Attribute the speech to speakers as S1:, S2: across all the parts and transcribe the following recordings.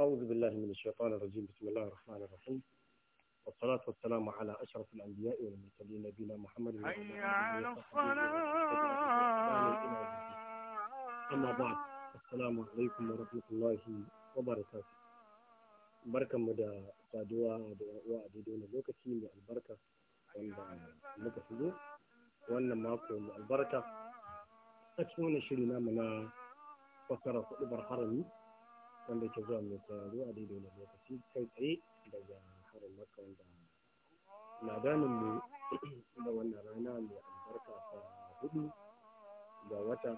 S1: أعوذ بالله من الشيطان الرجيم بسم الله الرحمن الرحيم والصلاة والسلام على أشرف الأنبياء والمرسلين نبينا محمد حي على الصلاة أما بعد السلام عليكم ورحمة الله وبركاته بركة مدى سادوا وعددون لوكتي من البركة وأن معكم البركة أتمنى شرينا منا فترة أبر حرمي wanda ke zuwa mai sauraro a daidai wani lokaci kai tsaye daga harin da wanda ladanin mu da wannan rana mai albarka ta hudu ga wata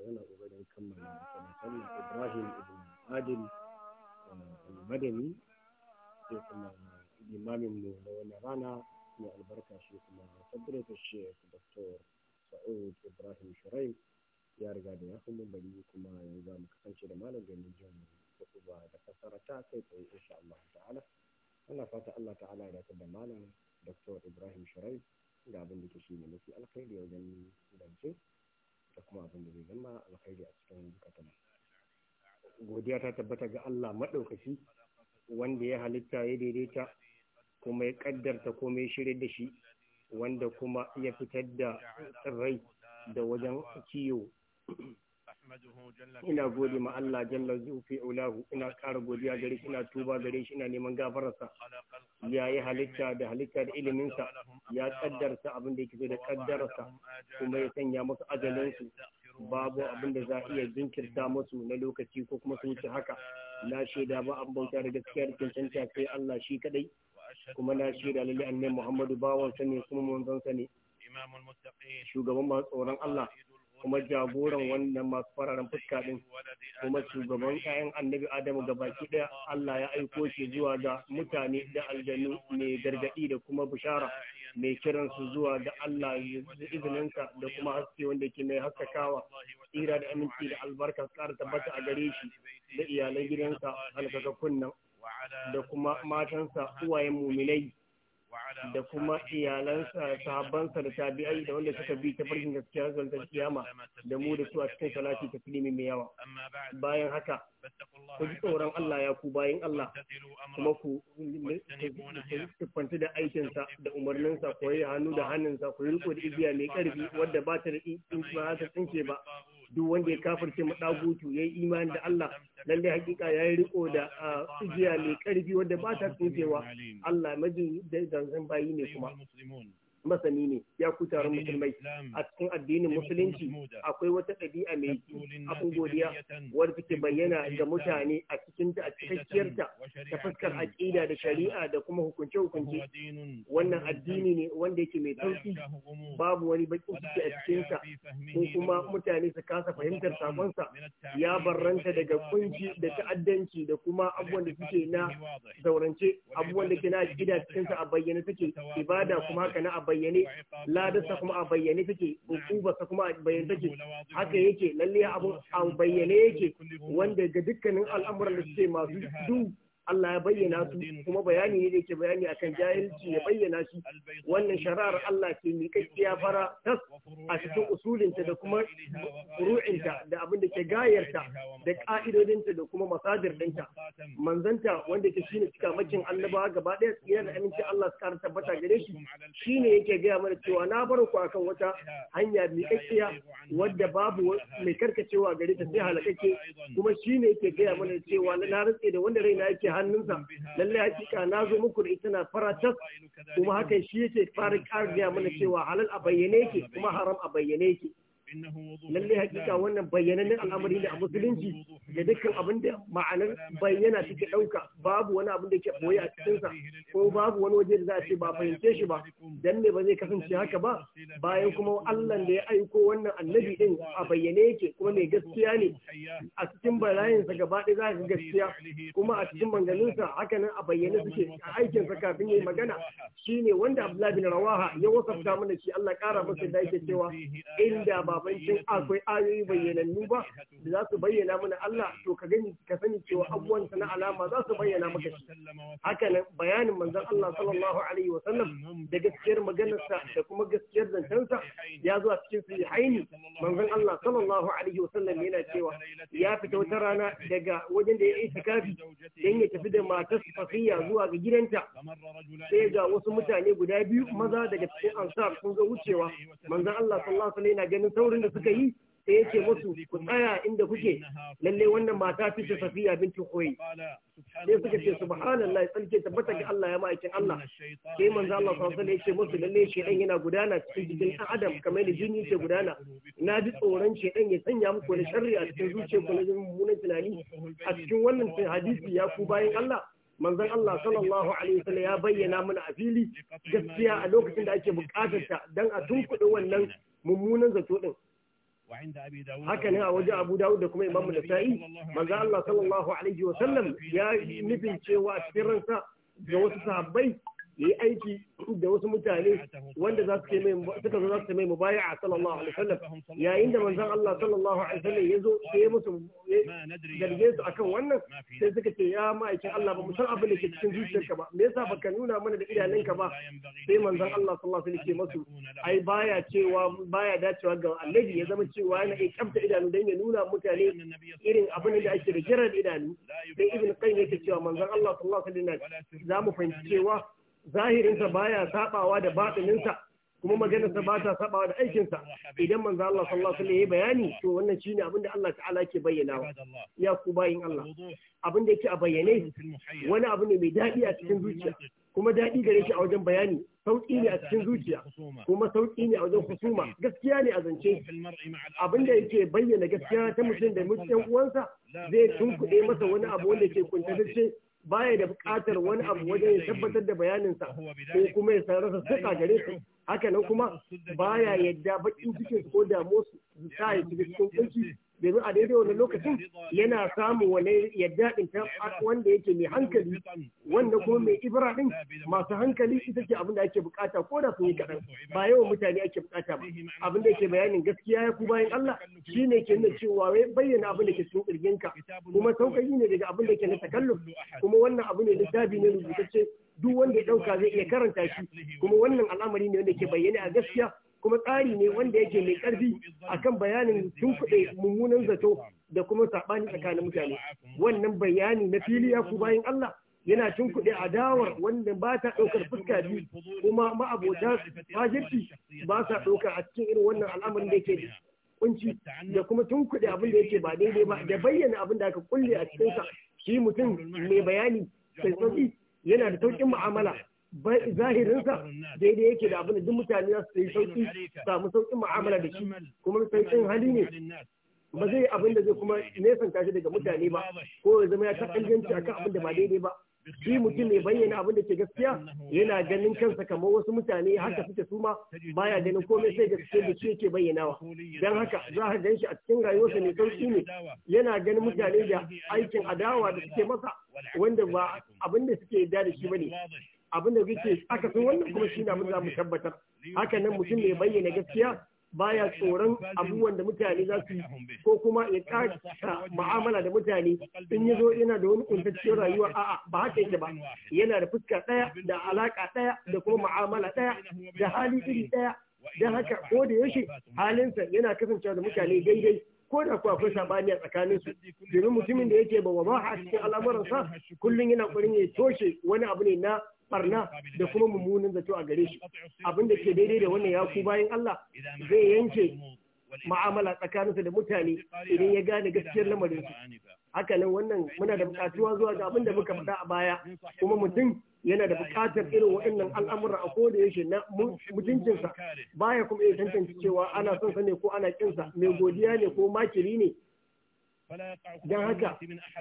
S1: yana ƙoƙarin kammala musamman ibrahim ibn adil al-madani sai kuma limamin mu na wannan rana mai albarka shi kuma sabbin shek dr sa'ud ibrahim shirai ya riga da ya fi kuma yanzu za mu kasance da malam domin jin wasu ba da fassara ta kai tsaye insha Allah ta'ala ana fata Allah ta'ala ya dace da malam Dr. Ibrahim Shirai da abin da ke shi ne mafi alkhairi wajen zance da kuma abin da zai zama alkhairi a cikin zukatan godiya ta tabbata ga Allah maɗaukaci wanda ya halitta ya daidaita kuma ya ƙaddarta kuma ya shirya da shi wanda kuma ya fitar da rai da wajen kiyo ina gode ma Allah jalla zufi ulahu ina ƙara godiya gare shi ina tuba gare shi ina neman gafararsa ya yi halitta da halitta da iliminsa ya kaddarsa abin da yake so da kaddararsa kuma ya sanya musu ajalinsu babu abin da za a iya jinkirta musu na lokaci ko kuma su wuce haka na shaida ba an bauta da gaskiyar cancanta sai Allah shi kadai kuma na shaida lalle annabi Muhammadu bawansa ne kuma manzon sa ne shugaban ba tsoron Allah kuma jagoran wannan masu fararen fuska ɗin. kuma shugaban kayan annabi adamu ga baki ɗaya Allah ya aiko shi zuwa ga mutane da aljanu mai gargaɗi da kuma bishara mai kiran su zuwa ga Allah izininsa da kuma haske wanda ke mai haskakawa tsira da aminci da albarka tsara tabbata a gare shi da iyalan gidansa alkakakkun nan da kuma matansa uwayen muminai da kuma iyalansa sahabbansa da tabi'ai da wanda suka bi ta farkin gaskiya zantar kiyama da mu da su a cikin salati ta filimi mai yawa bayan haka ku ji tsoron Allah ya ku bayan Allah kuma ku siffanta da aikinsa da umarninsa ku yi hannu da hannunsa ku yi riko da igiya mai karfi wadda ba ta da in ba ta tsinke ba duk wanda ya kafirce mu dagutu yayi imani da Allah lalle hakika yayi riko da igiya mai karfi wanda ba ta tsufewa Allah majin da zanzan bayi ne kuma masani ne ya ku taron musulmai a cikin addinin musulunci akwai wata ɗabi'a mai abin godiya wadda take bayyana ga mutane a cikin ta a cikakkiyar ta ta fuskar aqida da shari'a da kuma hukunce hukunce wannan addini ne wanda yake mai tauki babu wani baƙin ciki a cikin sa ko kuma mutane su kasa fahimtar sa ya barranta daga kunci da ta'addanci da kuma abubuwan da suke na zaurance abubuwan da ke na cikin sa a bayyana suke ibada kuma haka na a bayyane ladarsa kuma a bayyane take ukubarsa kuma a bayyane take haka yake lalle abun a bayyane yake wanda ga dukkanin al'amuran da suke masu duk Allah ya bayyana su kuma bayani ne da yake bayani akan jahilci ya bayyana shi wannan shari'ar Allah ke mai kakkiya fara tas a cikin usulinta da kuma ru'inta da abin da ke gayarta da ka'idodinta da kuma masadir dinta manzanta wanda ke shine makin annabawa gaba ɗaya tsira da aminci Allah su tabbata gare shi shine yake gaya mana cewa na bar ku akan wata hanya mai kakkiya wadda babu mai karkacewa gare ta sai halakake kuma shine yake gaya mana cewa na rantse da wanda raina yake hannunsa lallai hakika na zo muku da ita na tas kuma hakan shi yake fara ƙarfiya mana cewa halal a bayyane ke kuma haram a bayyane yake lalle hakika wannan bayyanannen al'amari da a musulunci da dukkan abin da ma'anar bayyana take ɗauka babu wani abin da ke boye a cikinsa ko babu wani waje da za a ce ba fahimce shi ba dan me ba zai kasance haka ba bayan kuma Allah da ya aiko wannan annabi din a bayyane yake kuma mai gaskiya ne a cikin bayanansa gaba ɗaya za ka gaskiya kuma a cikin manganinsa haka nan a bayyane suke a aikinsa kafin ya yi magana shine wanda Abdullahi bin Rawaha ya wasafta mana shi Allah ƙara masa da yake cewa inda ba littafai shin akwai ayoyi bayyanannu ba da za su bayyana mana Allah to ka gani ka sani cewa abubuwan na alama za su bayyana maka shi haka nan bayanin manzon Allah sallallahu alaihi wa sallam da gaskiyar maganarsa da kuma gaskiyar zancensa ya zuwa su ya haini manzon Allah sallallahu alaihi wa sallam yana cewa ya fita wata rana daga wajen da ya yi takafi dan ya tafi da matar safiya zuwa ga gidanta sai ga wasu mutane guda biyu maza daga cikin ansar sun zo wucewa manzon Allah sallallahu alaihi wa sallam yana ganin alkawarin da suka yi sai ya ce musu ku tsaya inda kuke lalle wannan mata ce ta safiya binti koyi sai suka ce subhanallah tsarki tabbata ga Allah ya ma'aikin Allah sai manzo Allah sallallahu alaihi ya ce musu lalle ɗan yana gudana cikin jikin ɗan adam kamar da jini ke gudana na ji tsoron ɗan ya sanya muku da sharri a cikin zuciyar ku na mummunan tunani a cikin wannan hadisi ya ku bayan Allah manzon Allah sallallahu alaihi wasallam ya bayyana mana a fili gaskiya a lokacin da ake bukatar ta dan a tunkuɗe wannan mummunan zato din
S2: haka ne a wajen abu
S1: dawud da kuma imamu da sa'i manzo Allah sallallahu alaihi ya nufin cewa a cikin ransa ga wasu sahabbai yi aiki da wasu mutane wanda za su mai suka zo mai mubaya'a sallallahu alaihi wasallam yayin da manzon Allah sallallahu alaihi wasallam ya zo sai ya musu zarge su akan wannan sai suka ce ya ma'aikin Allah ba mu san abin da ke cikin zuciyarka ba me yasa baka nuna mana da idanunka ba sai manzon Allah sallallahu alaihi wasallam masu ai baya cewa baya dacewa ga annabi ya zama cewa yana iya kamta idanu dan ya nuna mutane irin abin da ake da kiran idanu sai ibn qayyim yake cewa manzon Allah sallallahu alaihi wasallam za mu fahimci cewa zahirinsa baya sabawa da batininsa kuma maganarsa ba ta sabawa da aikinsa idan manzo Allah sallallahu alaihi wasallam yayi bayani to wannan shine abin da Allah ta'ala ke wa. ya ku bayin Allah abin da yake a bayyane wani abu ne mai dadi a cikin zuciya kuma dadi gare shi a wajen bayani sauki ne a cikin zuciya kuma sauki ne a wajen husuma gaskiya ne a zance abin da yake bayyana gaskiya ta mutum da mutum uwansa zai tunkuɗe masa wani abu wanda ke kuntatacce baya da buƙatar wani abu wajen ya tabbatar da bayaninsa ko kuma ya rasa suka gare su haka nan kuma baya yadda bakin cikin ko damuwa su sa ya shiga cikin kunci domin a daidai wani lokacin yana samu wani yadda din ta wanda yake mai hankali wanda kuma mai ibra din masu hankali ita ce abin da ake bukata ko da sun yi kaɗan ba yawan mutane ake bukata ba abin da yake bayanin gaskiya ya ku bayan Allah shine ke nuna cewa wai bayyana abin da ke cikin kirginka kuma sauƙaƙi ne daga abin da ke na takalluf kuma wannan abu ne littafi ne rubutacce duk wanda ya ɗauka zai iya karanta shi kuma wannan al'amari ne wanda ke bayyana a gaskiya kuma tsari ne wanda yake mai ƙarfi akan bayanin tun kuɗe mummunan zato da kuma saɓani tsakanin mutane wannan bayani na fili ya ku bayan Allah yana tun a adawar wanda ba ta ɗaukar fuska biyu kuma ma'abota fajirci ba sa ɗauka a cikin irin wannan al'amarin da yake kunci da kuma kuɗe abin da yake ba daidai ba da bayyana abin da aka kulle a cikinsa shi mutum mai bayani sai yana da sauƙin mu'amala zahirinsa daidai yake da abin da duk mutane za su yi sauki samu saukin mu'amala da shi kuma sauƙin hali ne ba zai abin da zai kuma nesan tashi daga mutane ba ko ya zama ya taɓanganci akan abin da ba daidai ba shi mutum mai bayyana abin da ke gaskiya yana ganin kansa kamar wasu mutane haka suke suma baya ganin komai sai gaskiya da shi yake bayyanawa don haka za a gan shi a cikin rayuwarsa mai sauki ne yana ganin mutane da aikin adawa da suke masa wanda ba abin da suke yarda da shi bane abin da kake aka san wannan kuma shi na mun za mu tabbatar haka nan mutum mai bayyana gaskiya baya tsoron abubuwan da mutane za su yi. ko kuma ya kasa ma'amala da mutane in ya zo yana da wani kuntacciyar rayuwa a'a ba haka yake ba yana da fuska ɗaya da alaka ɗaya da kuma ma'amala ɗaya da hali iri daya don haka ko da yaushe halinsa yana kasancewa da mutane daidai ko da kuwa akwai sabani a tsakanin su domin mutumin da yake ba wa a cikin al'amuransa kullum yana ƙoƙarin ya toshe wani abu ne na barna da kuma mummunan zato a gare shi abin da ke daidai da wannan ya ku bayan Allah zai yanke ma'amala tsakaninsa da mutane idan ya gane gaskiyar lamarin su haka nan wannan muna da bukatuwa zuwa ga abin da muka faɗa a baya kuma mutum yana da bukatar irin waɗannan al'amura a koda yaushe na mutuncinsa baya kuma iya tantance cewa ana son sa ne ko ana kinsa mai godiya ne ko makiri ne don haka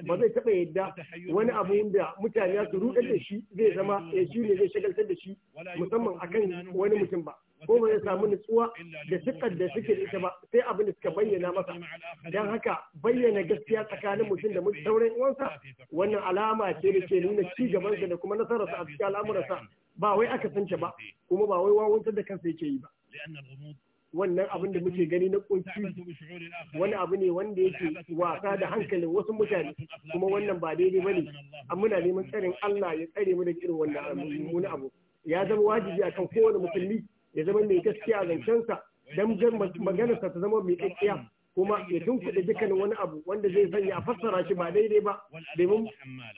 S1: ba zai taɓa yadda wani abu da mutane su rudar da shi zai zama ya eh, shi ne zai shagaltar da shi musamman akan wani mutum ba ko ba zai samu nutsuwa da sukar da suke da ita ba sai abin da suka bayyana masa don haka bayyana gaskiya tsakanin mutum da sauran uwansa wannan alama ce da ke nuna ci gabansa da kuma nasararsa a cikin al'amuransa ba wai aka sance ba kuma ba wai wawantar da kansa yake yi ba wannan abin da muke gani na ƙunshi wani abu ne wanda yake wasa da hankalin wasu mutane kuma wannan ba daidai ba ne. muna neman tsarin Allah ya tsare mu da irin wannan mummunan abu ya zama wajibi akan kowane musulmi ya zama mai gaskiya zancensa dan maganarsa ta zama mai gaskiya kuma ya tunkuɗe dukkanin wani abu wanda zai sanya a fassara shi ba daidai ba domin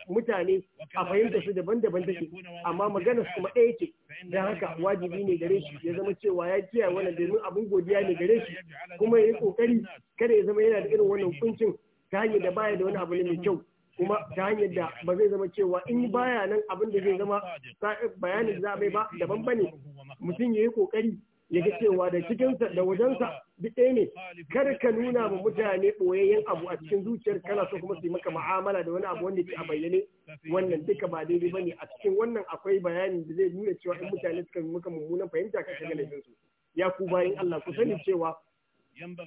S1: mutane a fahimta su daban-daban take amma maganar kuma ɗaya ce da haka wajibi ne gare shi ya zama cewa ya kiyaye wannan domin abin godiya ne gare shi kuma ya yi ƙoƙari kada ya zama yana da irin wannan kuncin ta hanyar da baya da wani abu ne mai kyau kuma ta hanyar da ba zai zama cewa in baya nan abin da zai zama bayanin za ba daban bane mutum ya yi kokari ya cewa da cikinsa da wajensa duk ɗaya ne kar ka nuna ma mutane ɓoyayyen abu a cikin zuciyar kana so kuma su yi maka ma'amala da wani abu wanda ke a bayyane wannan duka ba daidai bane a cikin wannan akwai bayani da zai nuna cewa in mutane suka yi maka mummunan fahimta ka shiga laifin su ya ku bayan Allah ku sani cewa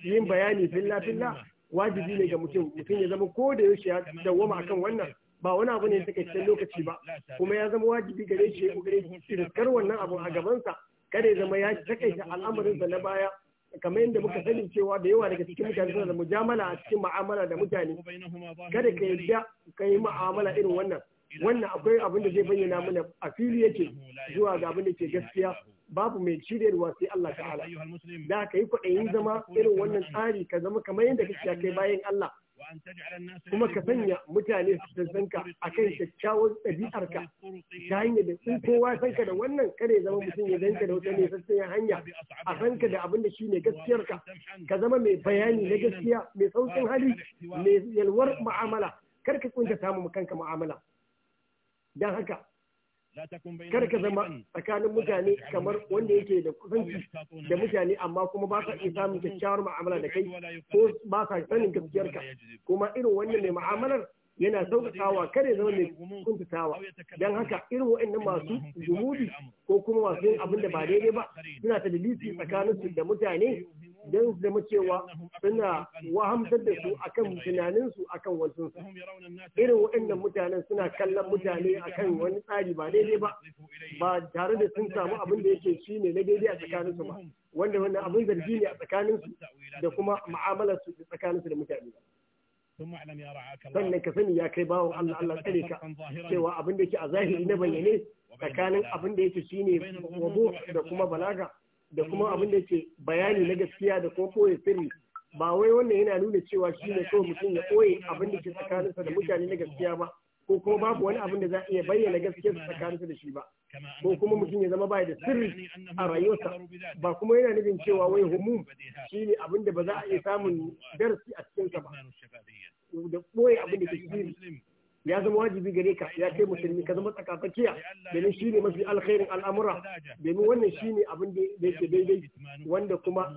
S1: yin bayani filla filla wajibi ne ga mutum mutum ya zama ko da yaushe ya dawwama akan wannan ba wani abu ne take cikin lokaci ba kuma ya zama wajibi gare shi gare shi wannan abu a gabansa kada ya zama ya takaita sa na baya kamar yadda muka sani cewa da yawa daga cikin mutane suna da mujamala a cikin mu'amala da mutane kada ka yadda ka yi mu'amala irin wannan wannan akwai abin da zai bayyana mana a fili yake zuwa ga abin da ke gaskiya babu mai cirewa sai Allah ta'ala da ka yi kwaɗayin zama irin wannan tsari ka zama kamar yadda kake kai bayan Allah
S2: kuma ka sanya
S1: mutane su san a akan kyakkyawan ɗabi'arka ta hanyar da in kowa san ka da wannan kare zama mutum ya zanka da wata ne sassan hanya a san da abin da shi ne gaskiyarka ka zama mai bayani na gaskiya mai saukin hali mai yalwar ma'amala. kar ka kunta samun kanka mu'amala don haka
S2: kar ka zama tsakanin mutane kamar
S1: wanda yake da kusanci da mutane amma kuma ba ka iya samun kyakkyawar mu'amala da kai ko ba ka sanin gaskiyarka kuma irin wannan mai mu'amalar yana sauƙaƙawa kar ya zama mai kuntatawa don haka irin waɗannan masu jumudi ko kuma masu yin abin da ba daidai ba suna ta dalisi tsakanin da mutane don da zama cewa suna wahamtar da su akan tunaninsu akan wasu irin waɗannan mutanen suna kallon mutane akan wani tsari ba daidai ba ba tare da sun samu abin da yake shi ne na daidai a tsakaninsu ba wanda wani abin zargi ne a tsakaninsu da kuma su da tsakaninsu da mutane sannan ka sani ya kai bawon Allah Allah tsare ka cewa abin da yake a zahiri na bayyane tsakanin abin da yake ne wabu da kuma balaga da kuma abin da yake bayani na gaskiya da kuma koya sirri ba wai wannan yana nuna cewa shi ne so mutum ya koye abin da ke tsakaninsa da mutane na gaskiya ba ko kuma babu wani abin da za a iya bayyana gaskiyar tsakaninsa da shi ba ko kuma mutum ya zama baya da sirri a rayuwarsa ba kuma yana nufin cewa wai humum shi ne abin da ba za a iya samun darasi a cikin ya zama wajibi gare ka ya kai musulmi ka zama tsakatsakiya domin shine mafi alkhairin al'amura domin wannan shine abin da yake daidai wanda kuma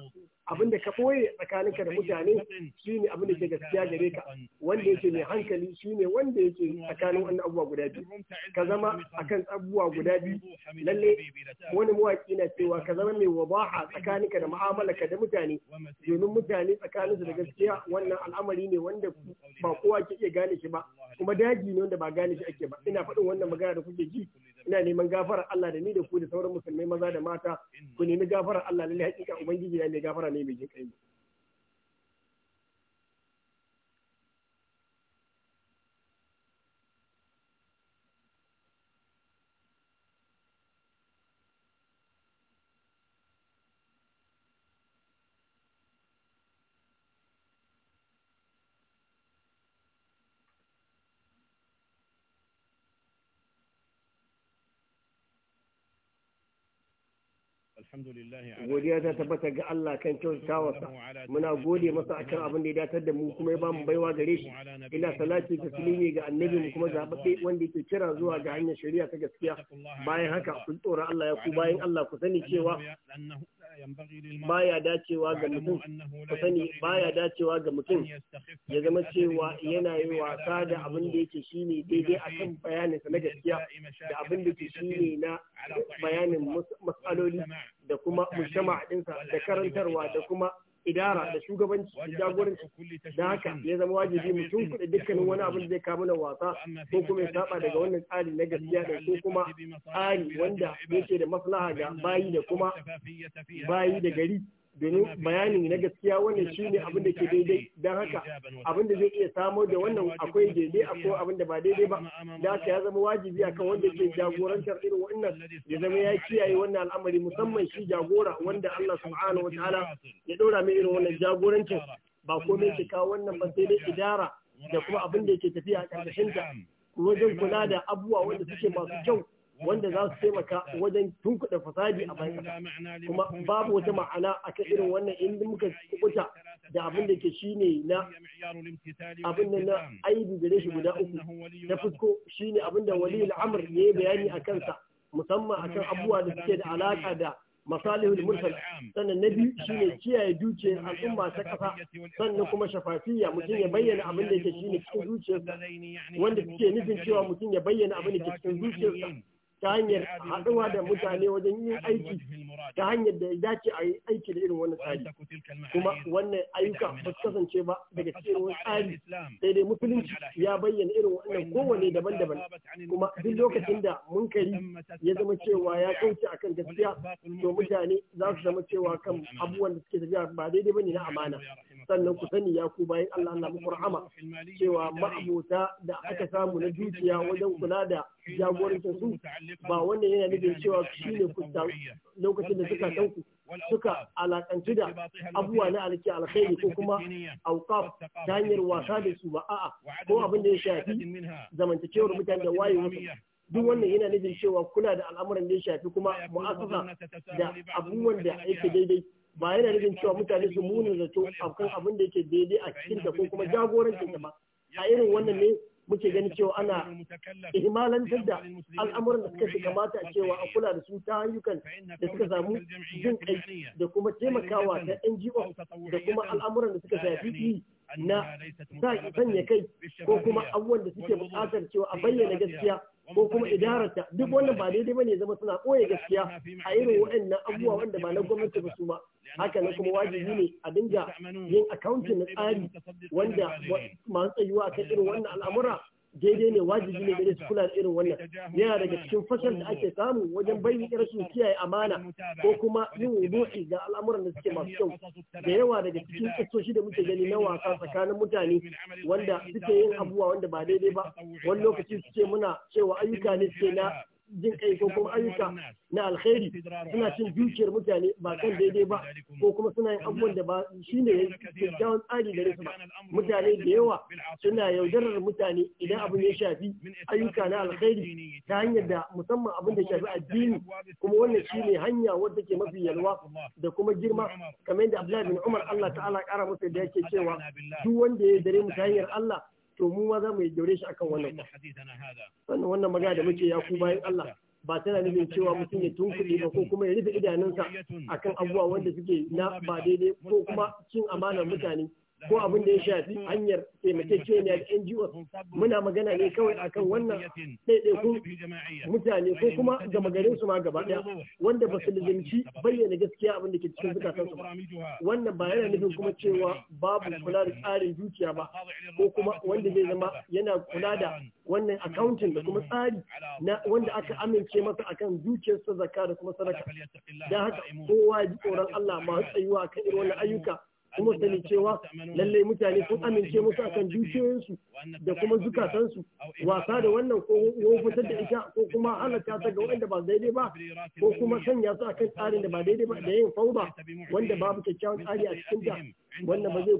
S1: abin da ka ɓoye tsakaninka da mutane shi ne abin da ke gaskiya gare ka wanda yake mai hankali shi ne wanda yake tsakanin wannan abubuwa guda biyu ka zama akan abubuwa guda biyu lalle wani mawaƙi na cewa ka zama mai wabaha tsakaninka da mu'amalarka da mutane domin mutane tsakaninsu da gaskiya wannan al'amari ne wanda ba kowa ke iya gane shi ba kuma daji ne wanda ba gane shi ake ba ina faɗin wannan magana da kuke ji ina neman gafarar Allah da ni da ku da sauran musulmai maza da mata ku nemi gafarar Allah lalle hakika ubangiji ya mai gafara ne mai jin kai godiya ta tabbatar ga Allah kan kyautatawarsa muna gode masa akan abin da ya datar da mu kuma ya bamu baiwa gare shi ina salati taslimi ga annabi mu kuma zababbe wanda yake kira zuwa ga hanyar shari'a ta gaskiya bayan haka kun tsoron Allah ya ku bayan Allah ku sani cewa baya dacewa ga mutum dacewa ga mutum ya zama cewa yana yi wasa da abin da yake shi ne daidai akan bayanin sa na gaskiya da abin da yake ne na bayanin matsaloli da kuma a ɗinsa da karantarwa da kuma idara da shugabanci da jagoranci da haka ya zama wajibi mutum kuɗi dukkanin wani abin da zai kawo mana wasa ko kuma ya saba daga wannan tsari na gaskiya da ko kuma tsari wanda yake da maslaha ga bayi da kuma bayi da gari domin bayani na gaskiya wannan shi abin da ke daidai don haka abin da zai iya samo da wannan akwai daidai akwai abin da ba daidai ba da haka ya zama wajibi akan wanda ke jagorantar irin wannan ya zama ya kiyaye wannan al'amari musamman shi jagora wanda Allah subhanahu wa ta'ala ya daura mai irin wannan jagorancin ba komai ke kawo wannan ba sai dai idara da kuma abin da yake tafiya a ƙarƙashinta wajen kula da abubuwa wanda suke masu kyau wanda za su taimaka wajen tunkuɗa fasadi a bayan kuma babu wata ma'ana a kan irin wannan in muka kubuta da abin da ke shine na
S2: abin da na
S1: aibi gare shi guda uku na fusko ne abin da wali al'amr ya yi bayani a kansa musamman akan abubuwa da suke da alaka da masalihul mursal sannan na biyu shine kiyaye dukiyar al'umma ta kasa sannan kuma shafafiya mutum ya bayyana abin da yake cikin zuciyarsa wanda suke nufin cewa mutum ya bayyana abin da ke cikin zuciyarsa ta hanyar haɗuwa da mutane wajen yin aiki ta hanyar da ya dace a yi aiki da irin wannan tsari kuma wannan ayyuka ba su kasance ba daga cikin wani tsari sai dai musulunci ya bayyana irin wannan kowane daban-daban kuma duk lokacin da munkari ya zama cewa ya kauce akan gaskiya to mutane za su zama cewa kan abubuwan da suke tafiya ba daidai bane na amana sannan ku sani ya ku bayan Allah Allah muku rahama cewa ma'abota da aka samu na dukiya wajen kula da jagoranta su ba wannan yana nufin cewa shi ne lokacin da suka ɗauku suka alakanci da abubuwa na alki alkhairi ko kuma auqaf ta hanyar wasa da su ba a'a ko abin da ya shafi zamantakewar mutane da wasu duk wannan yana nufin cewa kula da al'amuran da ya shafi kuma mu'asasa da abubuwan da yake daidai ba yana nufin cewa mutane su munin zato akan abin da yake daidai a cikin ko kuma jagorancin ba a irin wannan ne muke gani cewa ana ihmalantar da al'amuran da suka fi kamata cewa a kula da su ta hanyukan da suka samu jin kai da kuma taimakawa ta NGO da kuma al'amuran da suka shafi na sa sanya kai ko kuma abubuwan da suke buƙatar cewa a bayyana gaskiya ko kuma idararta duk wannan ba daidai bane zama suna ɓoye gaskiya a irin waɗannan abubuwa wanda ba na gwamnati ba su ba haka nan kuma wajibi ne a dinga yin accounting na tsari wanda masu tsayuwa akan irin wannan al'amura daidai ne wajibi ne gare su kula da irin wannan yana daga cikin fashal da ake samu wajen bayyana su kiyaye amana ko kuma yin wudu'i ga al'amuran da suke masu kyau da yawa daga cikin kisoshi da muke gani na wasa tsakanin mutane wanda suke yin abubuwa wanda ba daidai ba wani lokaci suke muna cewa ayyuka ne suke na jin kai ko kuma ayyuka na alkhairi suna cin dukiyar mutane ba kan daidai ba ko kuma suna yin abubuwan da ba shi ne kyakkyawan tsari gare su ba mutane da yawa suna yaudarar mutane idan abin ya shafi ayyuka na alkhairi ta hanyar da musamman abin da shafi addini kuma wannan shi ne hanya wadda ke mafi yalwa da kuma girma kamar yadda Abdullahi bin Umar Allah ta'ala kara masa da yake cewa duk wanda ya dare mu ta hanyar Allah to mu ma za mu daure shi akan wannan wannan wannan magana da muke ya ku bayan Allah ba tana nufin cewa mutum ya tunkuri ba ko kuma ya rufe idanunsa akan abubuwa wanda suke na ba daidai ko kuma cin amanar mutane ko abin da ya shafi hanyar taimakekeniya da NGOs muna magana ne kawai akan wannan ɗaiɗaikun mutane ko kuma gama garin su ma gaba ɗaya wanda ba su lizimci bayyana gaskiya abin da ke cikin zukatan su wannan ba yana nufin kuma cewa babu kula da tsarin dukiya ba ko kuma wanda zai zama yana kula da wannan accounting da kuma tsari na wanda aka amince masa akan sa zakka da kuma sadaka dan haka kowa ji tsoron Allah ma tsayuwa kan irin wannan ayyuka kuma sani cewa lallai mutane sun amince musu akan dukiyoyinsu da kuma zukatansu wasa da wannan ko fitar da ita ko kuma halatta ta ga wanda ba daidai ba ko kuma sanya su akan tsarin da ba daidai ba da yin fauda wanda babu kyakkyawan tsari a cikin ta wannan ba zai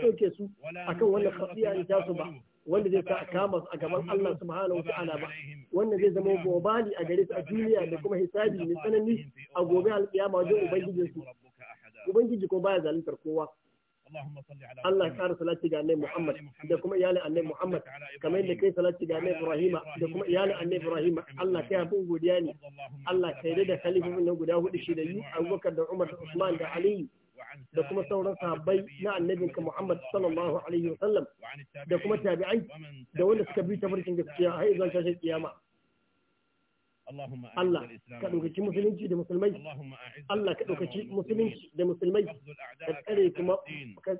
S1: ɗauke su akan wannan ya ne tasu ba wanda zai sa kama su a gaban Allah subhanahu wa ta'ala ba wannan zai zama gobali a gare su a duniya da kuma hisabi mai tsanani a gobe alƙiyama wajen ubangijinsu ubangiji ko baya zaluntar kowa Allah ya kara salati ga annabi Muhammad da kuma iyalin annabi Muhammad kamar yadda kai salati ga annabi Ibrahim da kuma iyalin annabi Ibrahim Allah kai abin godiya ne Allah kai da kalifofin na guda hudu shi da yi Abubakar da Umar da Usman da Ali da kuma sauran sahabbai na ka Muhammad sallallahu alaihi wa sallam da kuma tabi'ai da wanda suka bi tafarkin gaskiya har zuwa shashin kiyama
S2: Allah ka ɗaukaci
S1: musulunci da musulmai Allah ka ɗaukaci musulunci da musulmai ka tsare kuma ka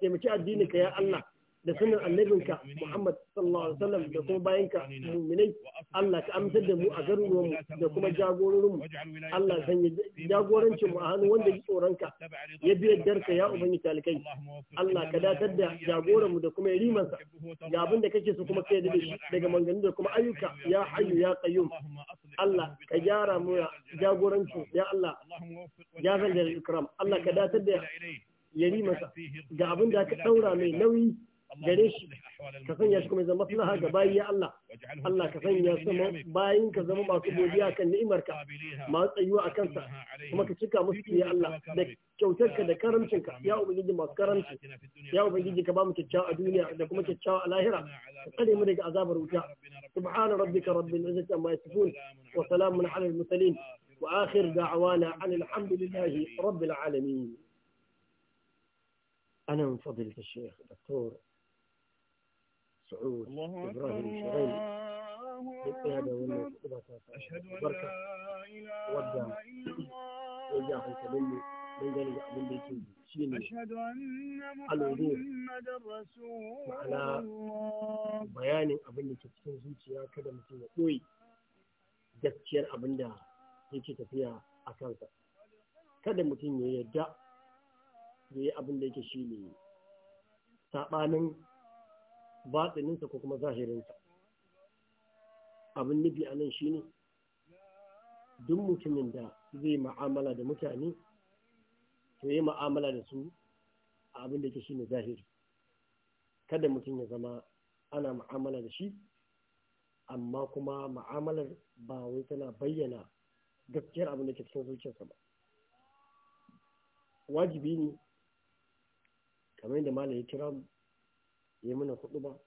S1: taimaki addini ka ya Allah da sunan annabinka Muhammad sallallahu alaihi wasallam da kuma bayanka mu'minai Allah ka amsar da mu a garuruwanmu da kuma jagororinmu Allah yi jagorancin mu a hannun wanda ya tsoronka
S2: ya bi yaddarka ya ubangi
S1: talikai Allah ka datar da jagoran mu da kuma rimansa ga abin da kake so kuma kai da shi daga mangani da kuma ayyuka ya hayyu ya qayyum Allah ka gyara mu jagorancin ya Allah ya zaljar ikram Allah ka datar da yari masa ga abin da aka daura mai nauyi جريش كفن يا شكم إذا ما في هذا باي الله الله كفن يا سما باين كذا ما أقول لي يا كني إمرك ما أيوة أكنت وما كشكا مستي يا الله لك شو تلك ذكرم شكا يا أبو ما كرم شكا يا أبو جدي كبام كتشا الدنيا لكم كتشا الآخرة قل إمرك عذاب رجع سبحان ربك رب العزة ما يصفون وسلام على المسلمين وآخر دعوانا عن الحمد لله رب العالمين أنا من فضلك الشيخ دكتور Saud Ibrahim Shu'aib
S2: duk ɗaya da wannan kuɗa ta barka wadda ya
S1: ja hankalin mu dangane da abin da yake shi ne
S2: alwudu ma'ana
S1: bayanin abin da ke cikin zuciya kada mutum ya ɓoye gaskiyar abin da yake tafiya a kansa kada mutum ya yarda ya yi abin da yake shi ne saɓanin batsininsa ko kuma zahirinsa abin nufi a nan shi ne duk mutumin da zai ma'amala da mutane to yi ma'amala da su a abin da ke shi ne zahiri kada mutum ya zama ana ma'amala da shi amma kuma ma'amalar ba wai tana bayyana gaskiyar abin da ke cikin zuciyarsa ba wajibi ne kamar yadda malam ya kira ya yi mana kuɗi ba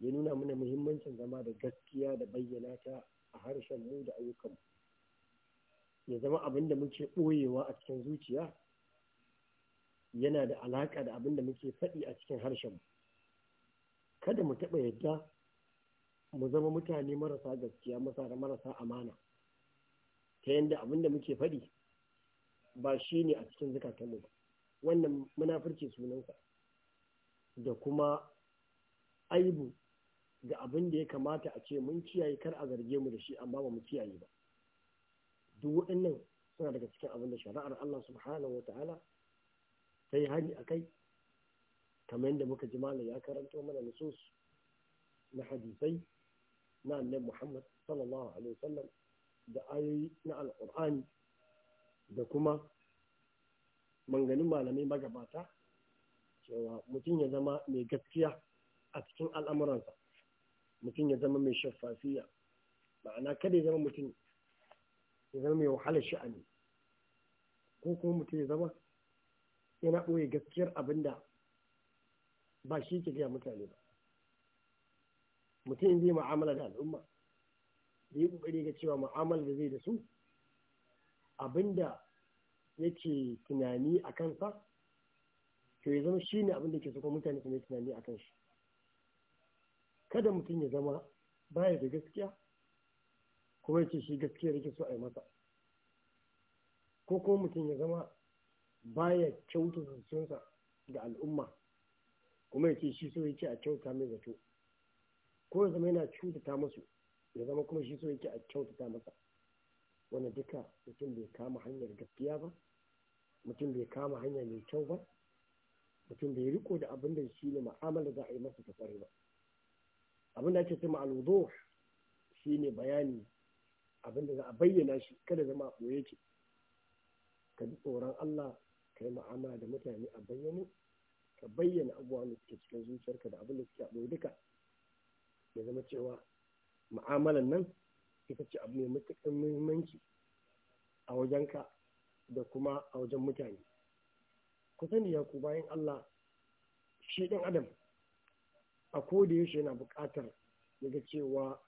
S1: ya nuna mana muhimmancin zama da gaskiya da bayyana ta a harshen mu da ayyukanmu ya zama abin da muke ɓoyewa a cikin zuciya yana da alaƙa da abin da muke faɗi a cikin harshen kada mu taɓa yadda mu zama mutane marasa gaskiya marasa amana ta yadda abin da muke faɗi ba shi ne a cikin zukatanmu ba wannan munafurci sunansa da kuma aibu ga abin da ya kamata a ce mun kiyaye kar a zarge mu da shi amma ba mu kiyaye ba duk waɗannan suna daga cikin abin da shari'ar Allah subhanahu wa ta'ala ta yi hani a kai kamar yadda muka ji malam ya karanto mana nusus na hadisai na annabi Muhammad sallallahu alaihi wasallam da ayoyi na alqur'ani da kuma manganin malamai magabata cewa mutum ya zama mai gaskiya a cikin al'amuransa mutum ya zama mai shaffafiya ma'ana kada ya zama mutum ya zama mai wahalar sha'ani ko kuma mutum ya zama yana ɓoye gaskiyar abinda da ba shi ke gaya mutane ba mutum zai ma'amala da al'umma zai ƙoƙari ga cewa ma'amala da zai da su abin da yake tunani a kansa to ya zama shi ne abin da ke suka mutane su tunani a kan shi kada mutum ya zama baya da gaskiya kuma ya ce shi gaskiya ke so a yi masa ko kuma mutum ya zama baya kyauta zuciyarsa ga al'umma kuma ya ce shi so yake a kyauta mai zato ko ya zama yana cutata masu ya zama kuma shi so yake a kyautata masa wanda duka mutum bai kama hanyar gaskiya ba mutum bai kama hanya mai kyau ba mutum bai riko da abin da shi ne ma'amala za a yi masa ta kware ba abin da ake cewa ma'alwudu shi ne bayani abin da za a bayyana shi kada zama a ɓoye ce ka ji tsoron Allah ka yi ma'amala da mutane a bayyane ka bayyana abubuwa da suke cikin zuciyarka da abin da suke a ɓoye duka ya zama cewa ma'amalan nan ita ce abu mai matuƙar muhimmanci a wajenka da kuma a wajen mutane ku sani ya ku bayan Allah shi ɗan adam a koda yaushe yana buƙatar daga cewa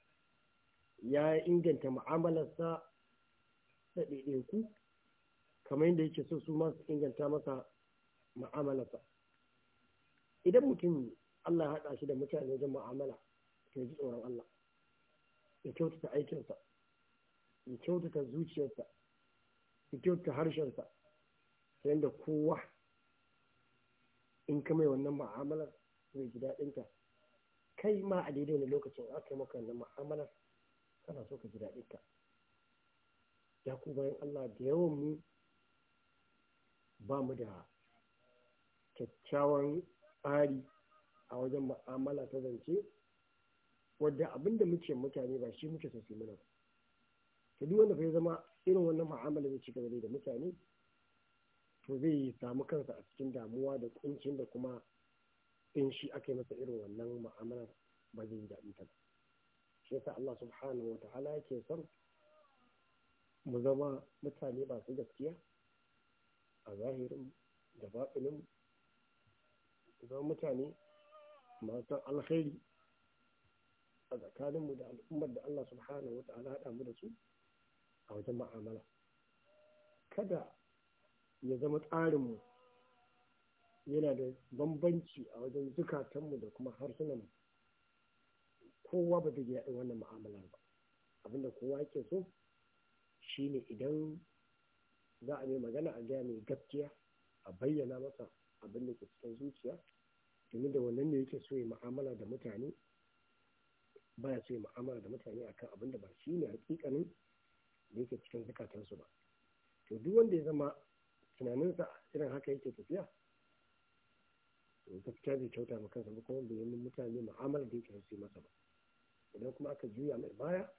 S1: ya inganta mu'amalarsa da ɗaiɗaiku kamar yadda yake so su masu inganta masa mu'amalarsa idan mutum Allah ya haɗa shi da mutane wajen mu'amala ta ji tsoron Allah ya kyautata aikinsa ya kyautata zuciyarsa ya kyautata harshensa ta yadda kowa in ka mai wannan ma'amalar zai ji daɗinta kai ma a daidai wani lokacin aka yi maka wannan ma'amalar kana so ka ji daɗinta ya ku bayan Allah da yawan mu ba mu da kyakkyawan tsari a wajen ma'amala ta zance wadda abin da muke mutane ba shi muke so su mana ba duk wanda fa ya zama irin wannan ma'amala zai ci gaba da mutane to zai samu kansa a cikin damuwa da kuncin da kuma in shi aka yi masa irin wannan ma'amalar ba zai yi daɗi ta ba shi yasa Allah subhanahu wa ta'ala yake son mu zama mutane ba su gaskiya a zahirin da baɗinin zama mutane masu alkhairi a tsakaninmu da al'ummar da Allah subhanahu wa ta'ala haɗa mu da su a wajen ma'amala kada ya zama tsarinmu yana da bambanci a wajen zukatanmu da kuma harsunan kowa ba zai wannan ma'amala ba abinda kowa ke so shine idan za a yi magana a gaya mai gaskiya a bayyana masa abin da ke cikin zuciya domin da wannan ne yake so ya mu'amala da mutane baya so ya mu'amala da mutane akan abin da ba shi ne hakikanin da yake cikin zukatansu ba to duk wanda ya zama tunaninsa irin haka yake tafiya to gaskiya bai kyauta ma kansa ba kuma bai yi mutane mu'amala da yake su masa ba idan kuma aka juya mai baya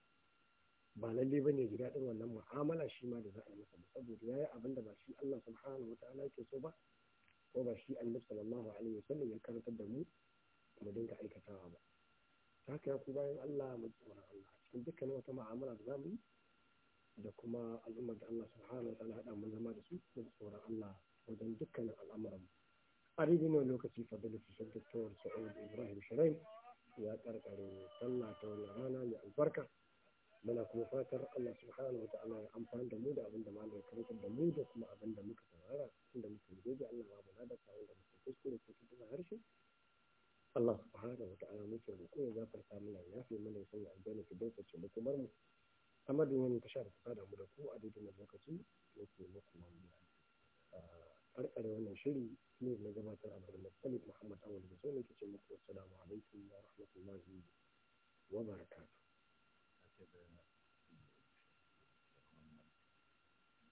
S1: ba lalle ba ne ji daɗin wannan mu'amala shi ma da za a yi masa ba saboda ya yi abin da ba shi Allah subhanahu wa ta'ala ke so ba ko ba shi annabi sallallahu alaihi sallam ya karantar da mu mu dinga aikatawa ba haka ya ku bayan Allah mu tsoron Allah cikin dukkanin wata mu'amala da za mu yi da kuma al'ummar da Allah subhanahu wa ta'ala haɗa mu zama da su da tsoron Allah wajen dukkanin al'amuran a ne lokaci fadil fushin doktor sa'ud ibrahim shiraim ya karkare sallah ta wani rana mai albarka muna kuma fatar Allah subhanahu wa ta'ala ya amfani da mu da abin da malam ya karanta da mu da kuma abin da muka saurara inda muka yi da Allah ba mu da kawai da muka kuskure ko kuma harshe Allah subhanahu wa ta'ala muke roƙo ya gafarta mana ya fi mana ya sanya aljanna ki dauka ce da kuma mu a madadin ka sha da ka damu da ku a daidai lokaci nake muku wanda karkare wannan shiri ne na gabatar a birnin Khalid Muhammad Awal da sai nake ce muku assalamu alaikum wa rahmatullahi wa barakatuh